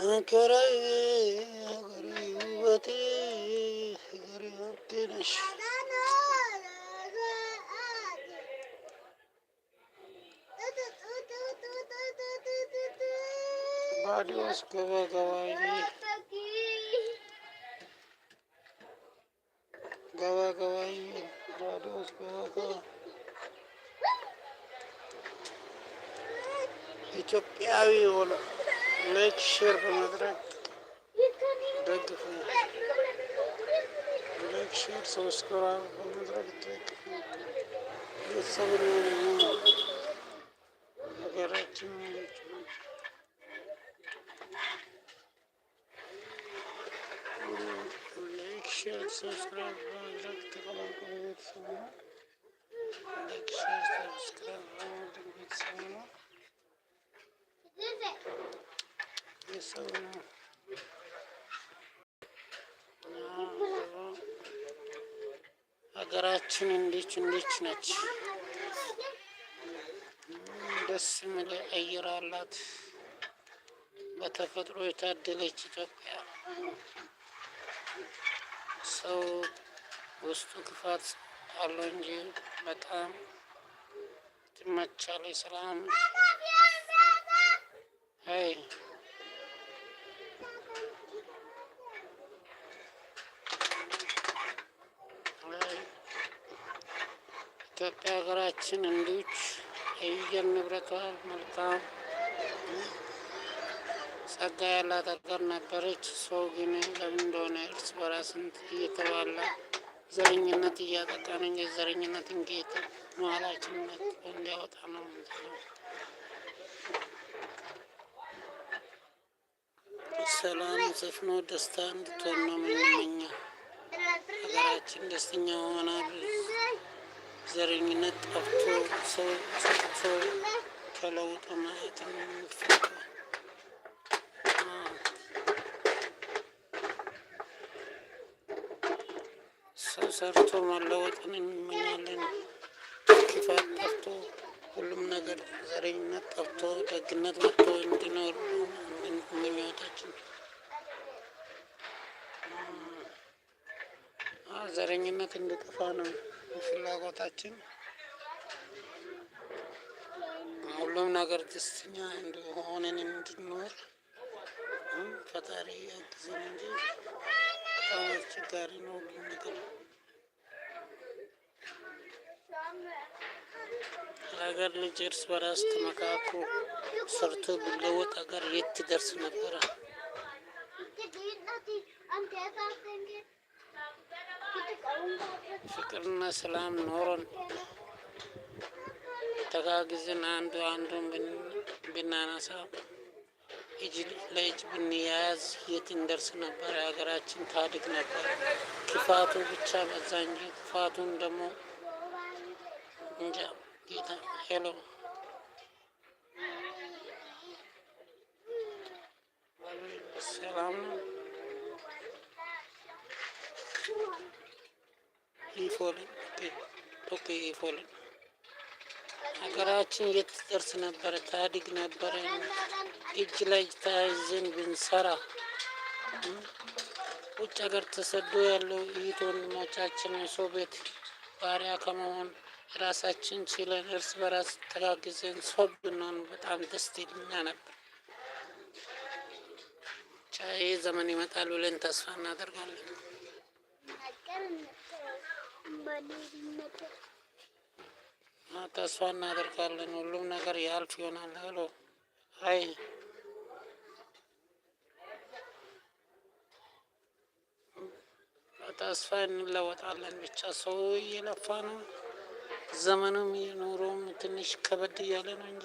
አገሬ ኢትዮጵያዊ ሆነ ላይክ ሼር በማድረግ ደግፉ። ላይክ ሼር ሰብስክራይብ በማድረግ ደግፉ። ቤተሰብ ሀገራችን ሰብስክራይብ በማድረግ ተቀላቀሉ። ቤተሰብ ነው። ሰው ነው። ሀገራችን እንዴት እንዴት ነች? ደስ የሚል አየር አላት። በተፈጥሮ የታደለች ኢትዮጵያ። ሰው ውስጡ ክፋት አለው እንጂ በጣም ትመቻለች። ሰላም ኢትዮጵያ ሀገራችን እንዲች የአየር ንብረቷ መልካም ጸጋ ያላት ሀገር ነበረች። ሰው ግን ለምን እንደሆነ እርስ በራስ እየተባላ ዘረኝነት እያጠቃን እንጂ ዘረኝነት እንጌት መዋላችንነት እንዲያወጣ ነው ሰላም ዘፍኖ ደስታ እንድትሆን ነው ምንመኛ ሀገራችን ደስተኛ ሆናል። ዘረኝነት ጠፍቶ ሰው ሰጥቶ ተለውጦ ማየት የምንፈልገው ሰው ሰርቶ መለወጥን እንመኛለን። ክፋት ጠፍቶ ሁሉም ነገር ዘረኝነት ጠፍቶ ደግነት ወጥቶ እንዲኖር ምኞታችን። ዘረኝነት እንዲጠፋ ነው። ፍላጎታችን ሁሉም ነገር ደስተኛ እንደሆነን እንድንኖር ፈጣሪ ያግዘን እንጂ በጣም አስቸጋሪ ነው ሁሉም ነገር። ሀገር ልጅ እርስ በራስ ተመካክሮ ሰርቶ ቢለወጥ ሀገር የት ትደርስ ነበረ? ፍቅርና ሰላም ኖሮን ተጋግዝን አንዱ አንዱን ብናነሳ እጅ ለእጅ ብንያያዝ የት እንደርስ ነበር? ሀገራችን ታድግ ነበር። ክፋቱ ብቻ በዛ እንጂ ክፋቱን ደግሞ እንጃ። ጌታ ሄሎ ሰላም ነው። እንፎልን ቶክ ሀገራችን የት ደርስ ነበረ? ታድግ ነበረ። እጅ ለእጅ ተያይዘን ብንሰራ ውጭ ሀገር ተሰዶ ያለው እህት ወንድሞቻችን ሰው ቤት ባሪያ ከመሆን ራሳችን ችለን እርስ በራስ ተጋግዘን ሰው ብንሆን በጣም ደስተኛ ነበር። ቻይ ዘመን ይመጣል ብለን ተስፋ እናደርጋለን። ተስፋ እናደርጋለን ሁሉም ነገር ያልፍ ይሆናል። ሄሎ አይ ተስፋ እንለወጣለን። ብቻ ሰው እየለፋ ነው፣ ዘመኑም የኑሮም ትንሽ ከበድ እያለ ነው እንጂ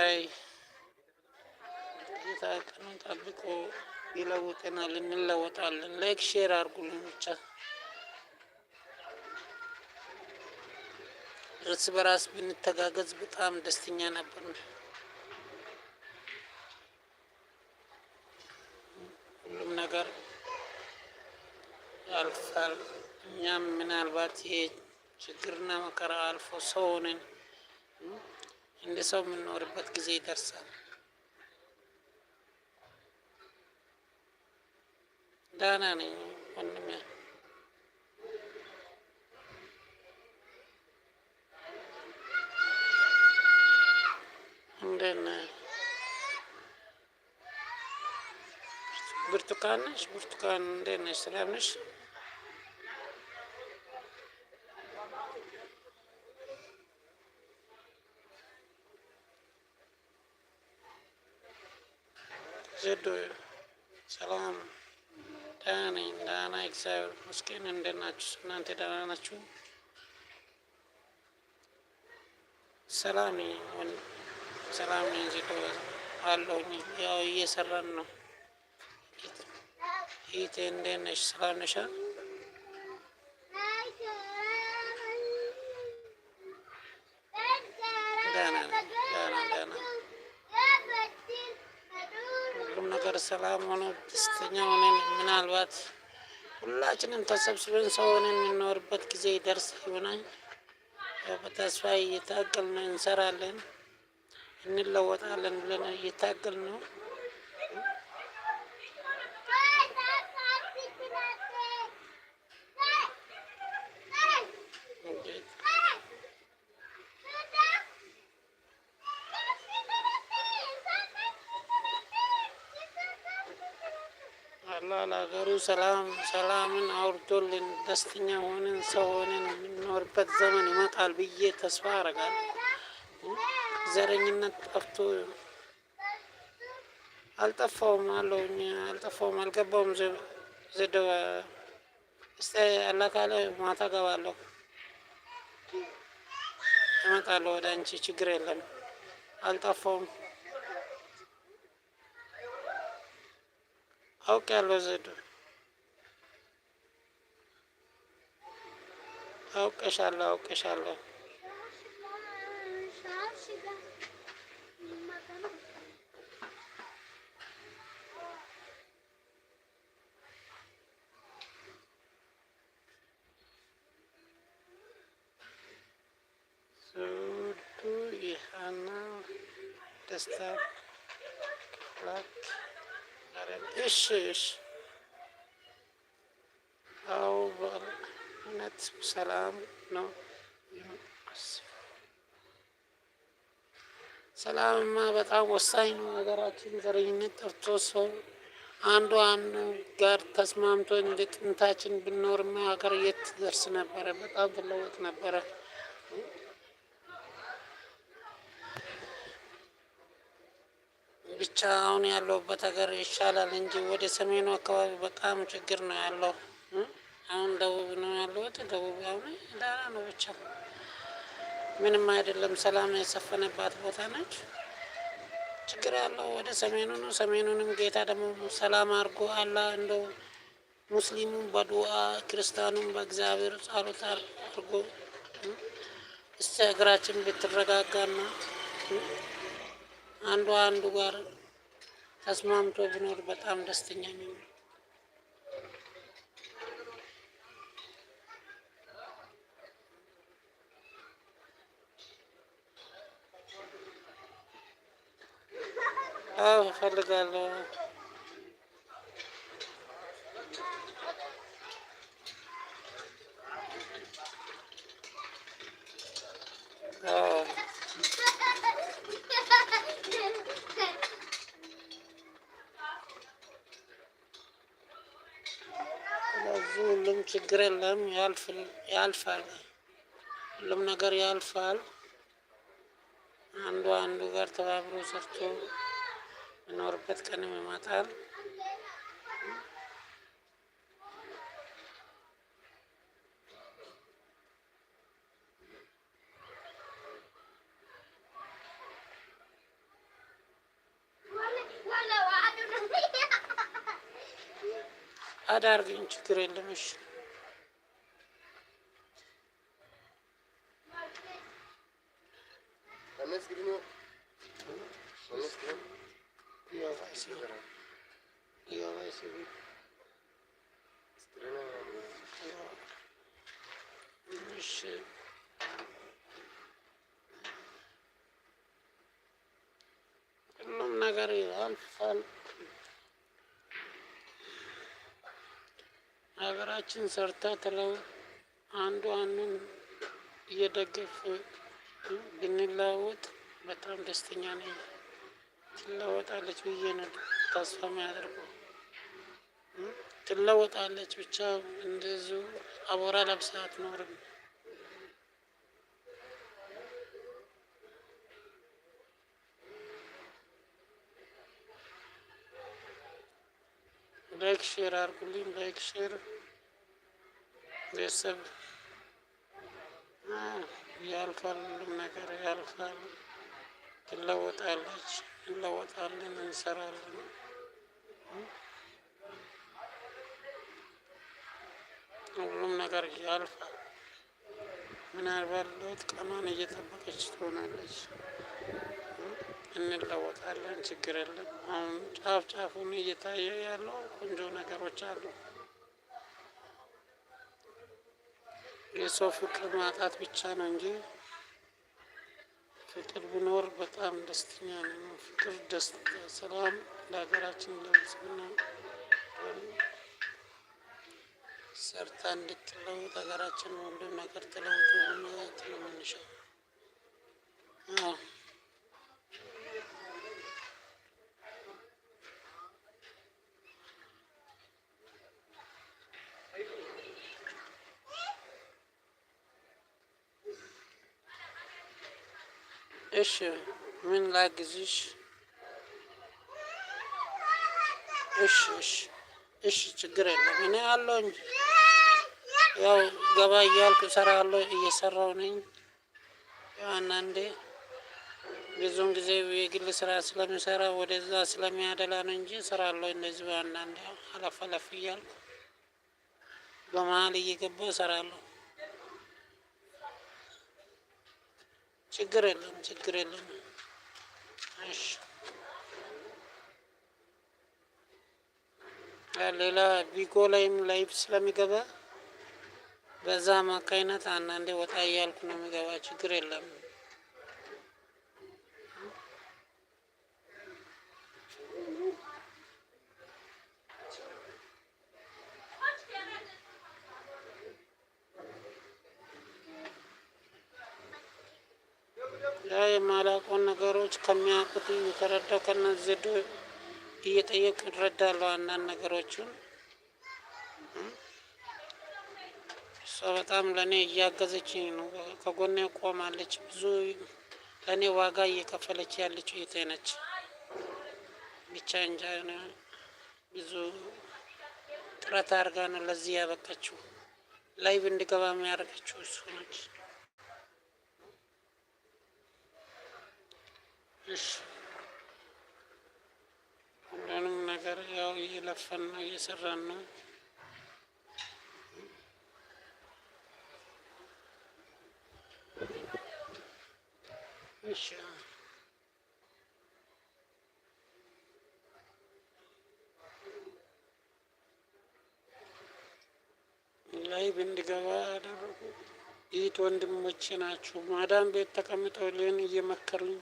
አይ ጌታ ቀኑን ጠብቆ ይለውጠናል፣ እንለወጣለን። ላይክ ሼር አርጉልን ብቻ እርስ በራስ ብንተጋገዝ በጣም ደስተኛ ነበር። ሁሉም ነገር ያልፋል። እኛም ምናልባት ይሄ ችግርና መከራ አልፎ ሰው ሆነን እንደ ሰው የምንኖርበት ጊዜ ይደርሳል። dana nih apa namanya dana bertukar nih bertukar dana istilahnya ምስኪን እንደት ናችሁ? እናንተ ደህና ናችሁ? ሰላም ሰላም እንዚቶ አለሁኝ። ያው እየሰራን ነው። ይቴ እንደት ነሽ? ሰላም ነሻ? ደህና ደህና ደህና ሁሉም ነገር ሰላም ሆኖ ደስተኛ ሆነን ምናልባት ሁላችንም ተሰብስበን ሰው ሆነን የምንኖርበት ጊዜ ይደርስ ይሆናል። በተስፋ እየታገልን እንሰራለን፣ እንለወጣለን ብለን እየታገልን ነው። ሰላም ሰላምን አውርዶልን ደስተኛ ሆነን ሰው ሆነን የምንኖርበት ዘመን ይመጣል ብዬ ተስፋ አረጋለሁ። ዘረኝነት ጠፍቶ አልጠፋውም አለው አልጠፋውም አልገባውም ዘደ እስ አላካለ ማታ ገባለሁ እመጣለሁ ወደ አንቺ ችግር የለም አልጠፋውም አውቅ ያለው ዘዶ አውቀሻለሁ አውቀሻለሁ። ዘውዱ የሀና ደስታ ክፍላት እሺ እሺ አው እውነት ሰላም ነው። ሰላምማ በጣም ወሳኝ ነው። ሀገራችን ዘረኝነት ጠፍቶ ሰው አንዱ አንዱ ጋር ተስማምቶ እንደ ጥንታችን ብኖርማ ሀገር የት ደርስ ነበረ? በጣም ትለወጥ ነበረ። ብቻ አሁን ያለሁበት ሀገር ይሻላል እንጂ ወደ ሰሜኑ አካባቢ በጣም ችግር ነው ያለው። አሁን ደቡብ ነው ያለሁት። ደቡብ አሁን ዳራ ነው ብቻ ምንም አይደለም። ሰላም የሰፈነባት ቦታ ነች። ችግር ያለው ወደ ሰሜኑ ነው። ሰሜኑንም ጌታ ደግሞ ሰላም አድርጎ አላ እንደው ሙስሊሙም በዱአ ክርስቲያኑም በእግዚአብሔር ጸሎት አድርጎ እስቲ ሀገራችን ብትረጋጋና አንዱ አንዱ ጋር ተስማምቶ ብኖር በጣም ደስተኛ ነው። ፈልጋለሁ ስለዚህ ሁሉም ችግር የለም፣ ያልፋል። ሁሉም ነገር ያልፋል። አንዱ አንዱ ጋር ተባብሮ ሰርቶ የምኖርበት ቀንም ይመጣል። ግን ችግር የለም። እሺ ሰርታ ትለው አንዱ አንዱን እየደገፍ ብንለዋወጥ በጣም ደስተኛ ነኝ። ትለወጣለች ብዬ ነው ተስፋ የሚያደርገው። ትለወጣለች ብቻ እንደዙ አቦራ ለብሳ አትኖርም። ላይክ ሼር አርጉልኝ። ላይክ ሼር ቤተሰብ ያልፋል፣ ሁሉም ነገር ያልፋል። ትለወጣለች፣ እንለወጣለን፣ እንሰራለን። ሁሉም ነገር ያልፋል። ምናልባት ለውጥ ቀኗን እየጠበቀች ትሆናለች። እንለወጣለን፣ ችግር የለም። አሁን ጫፍ ጫፉን እየታየ ያለው ቆንጆ ነገሮች አሉ። የሰው ፍቅር ማጣት ብቻ ነው እንጂ ፍቅር ብኖር በጣም ደስተኛ ነው። ፍቅር፣ ደስታ፣ ሰላም ለሀገራችን ለብስብና ሰርታ እንድትለውጥ ሀገራችን ወንድም ነገር ትለውጥ ሆነ ትለመንሻል እሺ ምን ላግዝሽ? እሺ እሺ እሺ ችግር የለም እኔ አለሁ እንጂ ያው ገባ እያልኩ እሰራለሁ እየሰራሁ ነኝ። ያው አንዳንዴ ብዙውን ጊዜ የግል ስራ ስለሚሰራ ወደዛ ስለሚያደላ ነው እንጂ እሰራለሁ እንደዚህ በአንዳንዴ አለፍ አለፍ እያልኩ በመሀል እየገባ እሰራለሁ። ችግር የለም ችግር የለም። እሺ ሌላ ቢጎ ላይም ላይፍ ስለሚገባ በዛ አማካይነት አንዳንዴ ወጣ እያልኩ ነው የሚገባ። ችግር የለም። የማላውቀውን ነገሮች ከሚያውቁት የተረዳ ከነዚህ እየጠየቅ እረዳለሁ። አንዳንድ ነገሮችን እሷ በጣም ለእኔ እያገዘችኝ ነው። ከጎኔ ቆማለች። ብዙ ለእኔ ዋጋ እየከፈለች ያለች ሁኔታ ነች። ብቻ እንጃ ብዙ ጥረት አድርጋ ነው ለዚህ ያበቃችው። ላይቭ እንድገባ የሚያደርገችው እሱ ነች። ትንሽ ሁሉንም ነገር ያው እየለፈን ነው እየሰራን ነው። እሺ ብንድገባ አደረጉ ያደረጉ ይህት ወንድሞቼ ናችሁ። ማዳም ቤት ተቀምጠውልን እየመከሩኝ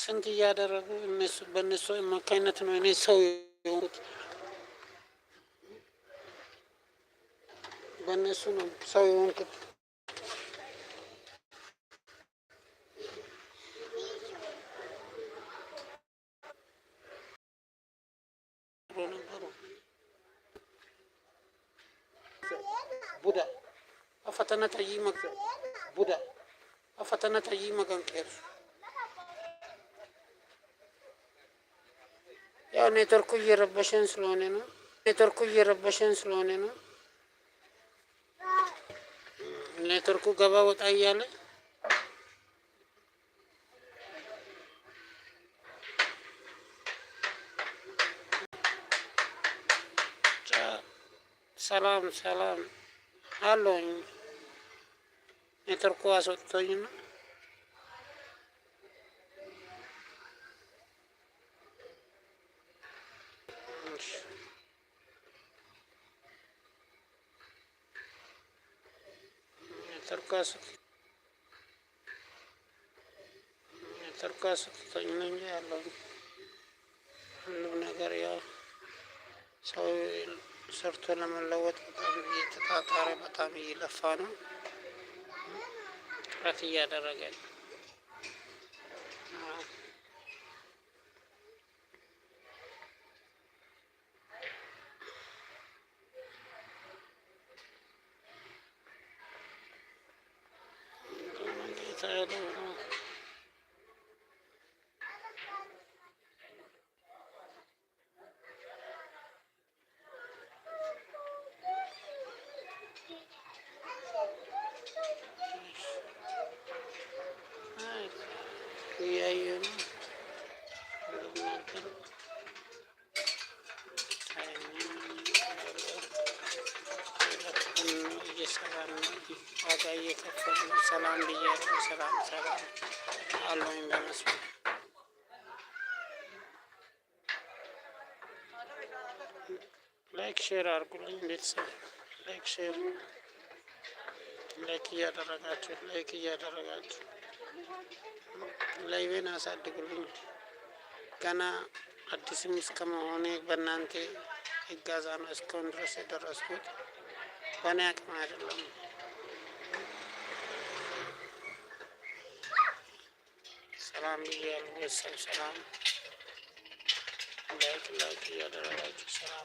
ስንት እያደረጉ እነሱ በእነሱ አማካኝነት ነው እኔ ሰው የሆንኩት። በእነሱ ነው ሰው የሆንኩት። ቡዳ አፈተነ ጠይመ ቡዳ አፈተነ ጠይመ ገንቄርሱ ያው ኔትወርኩ እየረበሸን ስለሆነ ነው። ኔትወርኩ እየረበሸን ስለሆነ ነው። ኔትወርኩ ገባ ወጣ እያለ ሰላም ሰላም አለኝ። ኔትወርኩ አስወጥቶኝ ነው። ተርኳሱት ተርኳሱት ተኝ ነው እንጂ ያለው ሁሉም ነገር ያው ሰው ሰርቶ ለመለወጥ በጣም እየተጣጣረ በጣም እየለፋ ነው ጥረት እያደረገ ነው። Hallelujah. Mm-hmm. ላይክ ሼር አድርጉልኝ ቤተሰብ። ላይክ ሼር ላይክ እያደረጋችሁ ላይክ እያደረጋችሁ ላይቬን አሳድጉልኝ። ገና አዲስም እስከመሆኔ በእናንተ እገዛ ነው እስካሁን ድረስ የደረስኩት። በእኔ አቅም አይደለም። ሰላም እያሉ ወሰብ ሰላም ላይክ ላይክ እያደረጋችሁ ሰላም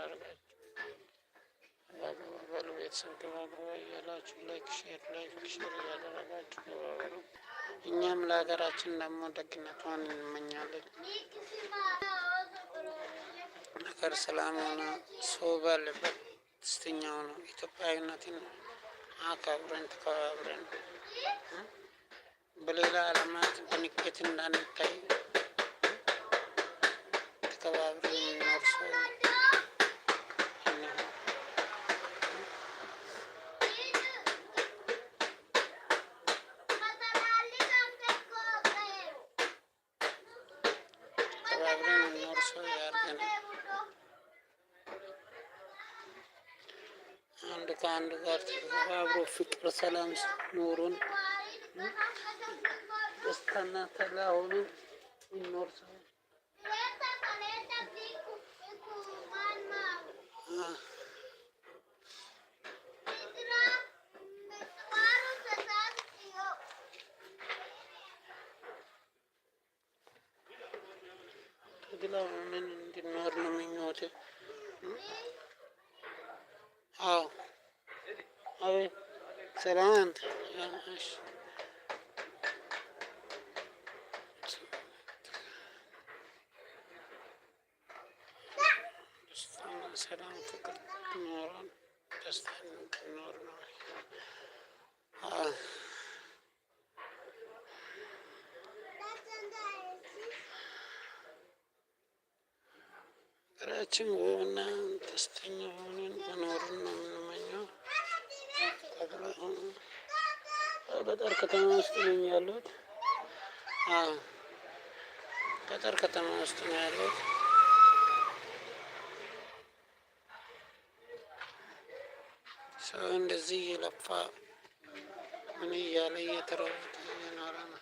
አድርጋችሁ ግባ በሉ ቤተሰብ ግባ እያላችሁ ላይክ ሼር ላይክ ሼር እያደረጋችሁ ግባ እኛም ለሀገራችን ደግሞ ደግነቷን እንመኛለን። ነገር ሰላም ሆነ ሰው ባለበት ደስተኛ ሆነ ኢትዮጵያዊነትን አካብረን ተከባብረን በሌላ ዓለማት በንቀት እንዳንታይ ተከባብረን ከአንድ ጋር ተባብሮ ፍቅር፣ ሰላም ኖሩን ደስታና ተላሆኑ ይኖር ሰላም ፍቅር ኖረን ደስታ ኖር ነው። ሀገራችን ውብና ደስተኛ ሆነን መኖርን ነው። ገጠር ከተማ ውስጥ ነኝ ያለሁት። ገጠር ከተማ ውስጥ ነው ያለሁት። ሰው እንደዚህ እየለፋ ምን እያለ እየተረቡት እየኖረ ነው።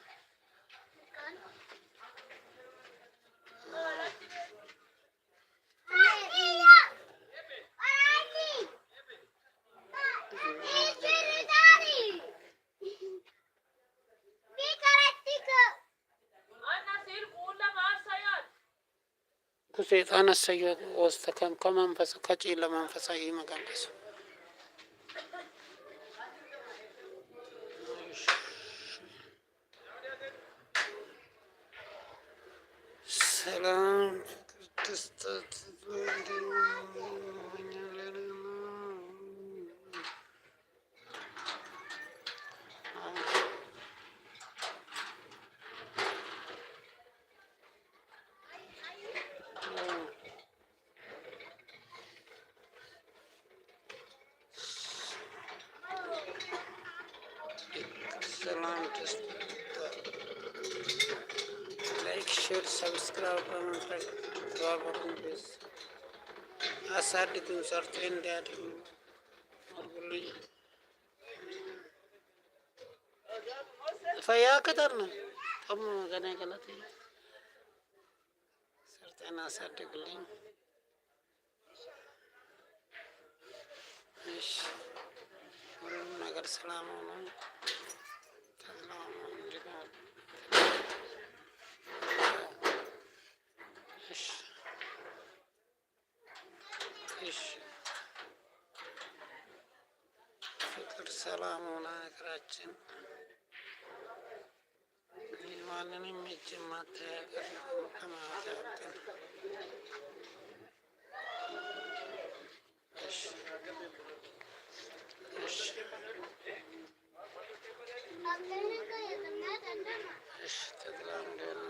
ሸይጣነሰየ ወስተ ከመንፈስ ከጪን ለመንፈሳዊ መቀንቀሱ ሰላም ላይክ፣ ሼር፣ ሰብስክራይብ በማድረግ ተባበሩን። ቤዝ አሳድጉን፣ ሰርቶ እንዲያድጉ አድርጉልኝ። ፈያ ቅጠር ነው ጠሙ ገና ገለጥ ሰርተን አሳድግልኝ። እሺ ሁሉም ነገር ሰላም ሆኖ వచ్చి నీ వాళ్ళని మెచ్చి మా తేగ Teşekkürler.